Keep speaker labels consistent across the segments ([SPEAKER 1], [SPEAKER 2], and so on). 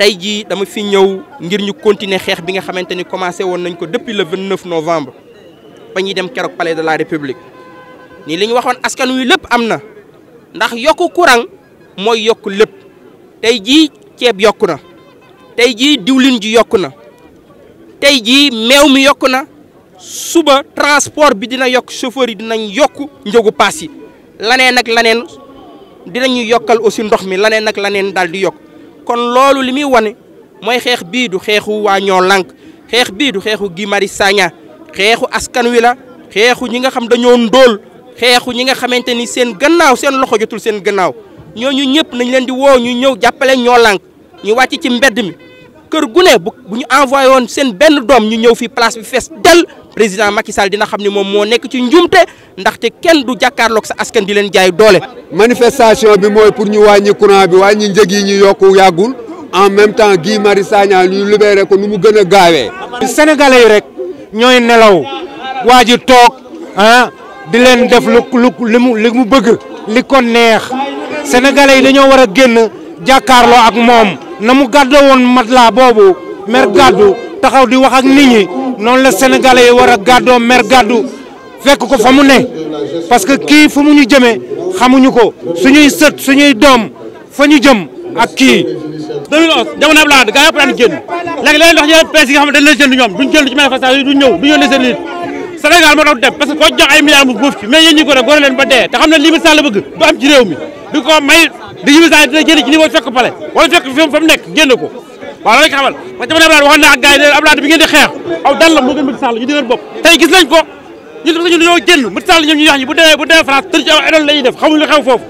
[SPEAKER 1] tey jii dama fi ñëw ngir ñu continuer xeex bi nga xamante ni commencé woon nañ ko depuis le 29 novembre ba ñuy dem keroog palais de la république nii li ñu waxoon askan wi lépp am na ndax yokku courant mooy yokk lépp tey jii ceeb yokk na tey jii diwlin ji yokk na tey jii meew mi yokk na suba transport bi dina yokk chauffeur yi dinañ yokk njëgu paas yi laneen ak laneen dinañu yokkal aussi ndox mi laneen ak laneen daal di yokk kon loolu li muy wane mooy xeex bii du xeexu waa ñoo lànk xeex bii du xeexu Guy Marius xeexu askan wi la xeexu ñi nga xam dañoo ndóol xeexu ñi nga xamante ni seen gannaaw seen loxo jotul seen gannaaw ñooñu ñëpp nañ leen di woo ñu ñëw jàppale ñoo lànk ñu wàcc ci mbedd mi kër gu ne bu bu ñu envoyé woon seen benn doom ñu ñëw fii place bi fees del président Macky Sall dina xam ni moom moo nekk ci njumte ndaxte kenn du jàkkaarloog sa askan di leen jaay doole. manifestation bi mooy pour ñu wàññi courant bi wàññi njëg yi ñu yokku yàggul en même temps Guy mari Sagna ñu
[SPEAKER 2] libéré ko nu mu gën a gaawee. sénégalais yi rek ñooy nelaw waa ji toog ah, di leen def lu lu mu li mu bëgg li ko neex sénégalais yi dañoo war a génn jàkkaarloo ak moom na mu gàddoo woon matelas boobu mer gàddu taxaw di wax ak nit ñi la sénégalais yi war a gàddoo mer gàddu. fekk ko fa mu ne parce que kii fu mu ñu jëmee xamuñu ko suñuy sët suñuy doom fa ñu jëm ak kii. 2011 jamono Abdoulaye Wade gaa yëpp daan génn léegi léegi ndox yeneen presse yi nga xam ne dañ leen jënd ñoom duñ jënd ci manifestation yi duñ ñëw duñ yónnee seen nit Sénégal moo tax dem parce que koo jox ay milliards mu buuf ci mais yéen ñi ko ne góor leen ba dee te xam ne lii bi Sall bëgg du am ci réew mi du ko may di yimi Sall dina génn ci niveau fekk pale wala fekk fi fa mu nekk génn ko waaw loolu lañ ko xamal man jamono Abdoulaye waxoon naa ak gars yi ne Abdoulaye bi ngeen di xeex aw dal la moo gën bëgg Sall ñu di leen bopp tey gis nañ ko ñun parce que ñun dañoo génn Macky Sall ñoom ñu wax ñi bu demee bu demee France tëj ci def xamuñu li xew foofu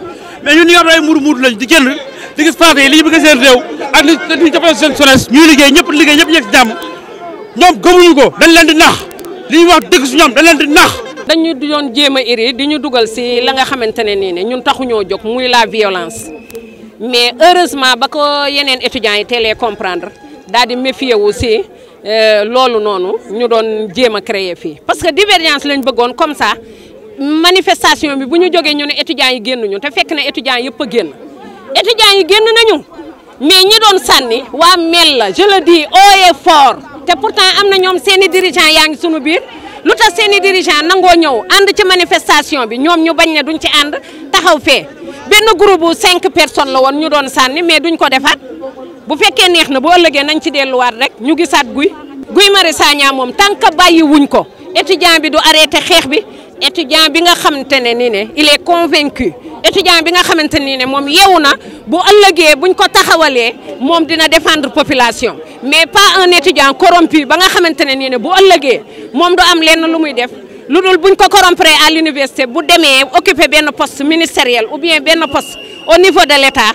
[SPEAKER 2] mais ñun ñi nga xam ne ay di génn di gis français yi li ñu bëgg seen réew ak ñu jàppale seen di nax
[SPEAKER 3] dañ leen di nax jéem a di ñu dugal si langa nga xamante ne nii ne ñun taxuñoo jóg muy la violence mais heureusement ba ko yeneen étudiants yi teelee comprendre daal di méfier wu Euh, loolu noonu ñu doon jéem a créer fii parce que divergence lañ bëggoon comme ça manifestation bi bu ñu jógee ñu ne étudiants yi ñu te fekk na étudiants yëpp a génn étudiants yi génn nañu mais ñu doon sànni waa mel la je le dis haut et fort te pourtant am na ñoom seeni i yaa ngi sunu biir lu tax seeni i nangoo ñëw ànd ci manifestation bi ñoom ñu bañ ne duñ ci ànd taxaw fee benn groupe bu cinq personnes la woon ñu doon sànni mais duñ ko defaat bu you neex bu nañ ci rek ñu que ko étudiant bi du arrêté bi étudiant bi est convaincu étudiant défendre population mais pas un étudiant corrompu ba nga à l'université bu démé occuper poste ministériel ou bien poste au niveau de l'État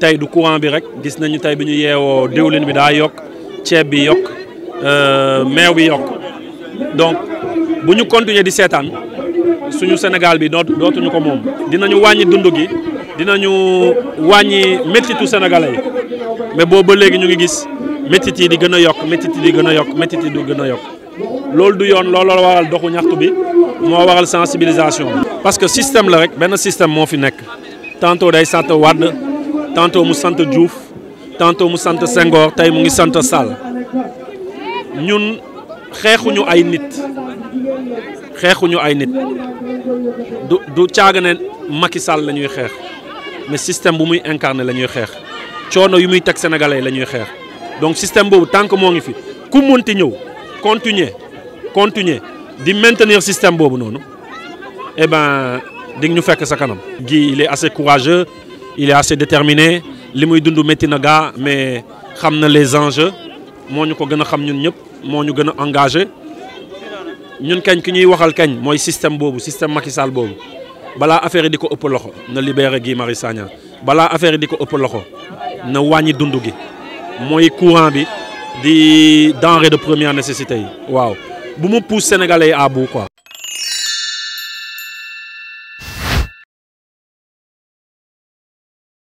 [SPEAKER 4] tey du courant bi rek gis nañu tey bi ñu yeewoo diwlin bi daa yokk ceeb bi yokk euh, meew bi yokk donc bu ñu continuer di seetaan suñu Sénégal bi dootu dootuñu ko moom dinañu wàññi dund gi dinañu wàññi méttitu sénégalais yi mais boobu ba léegi ñu ngi gis méttit yi di gën a yokk méttit yi di gën a yokk méttit yi di gën a yokk loolu du yoon looloo waral doxu ñaxtu bi moo waral sensibilisation bi. parce que système la rek benn système moo fi nekk tantôt day sàtt wàdd tantôt mu sant Diouf tantôt mu Senghor sommes mu ngi sommes tous ñun xeexuñu Nous sommes ay nit du du Nous Macky Sall la Nous mais système bu muy incarné la Nous yu muy sénégalais donc système tant que nous ngi fi ku continuer continuer di maintenir système eh ben nous que fekk sa Guy il est assez courageux il est assez déterminé Les muy dund na connaît mais ramener les enjeux moo ko gën a xam ñun ñëpp moo Nous, engagé ñun kañ ki ñuy système système Macky Sall affaire di ëpp loxo na Sagna affaire courant de première nécessité sénégalais à bout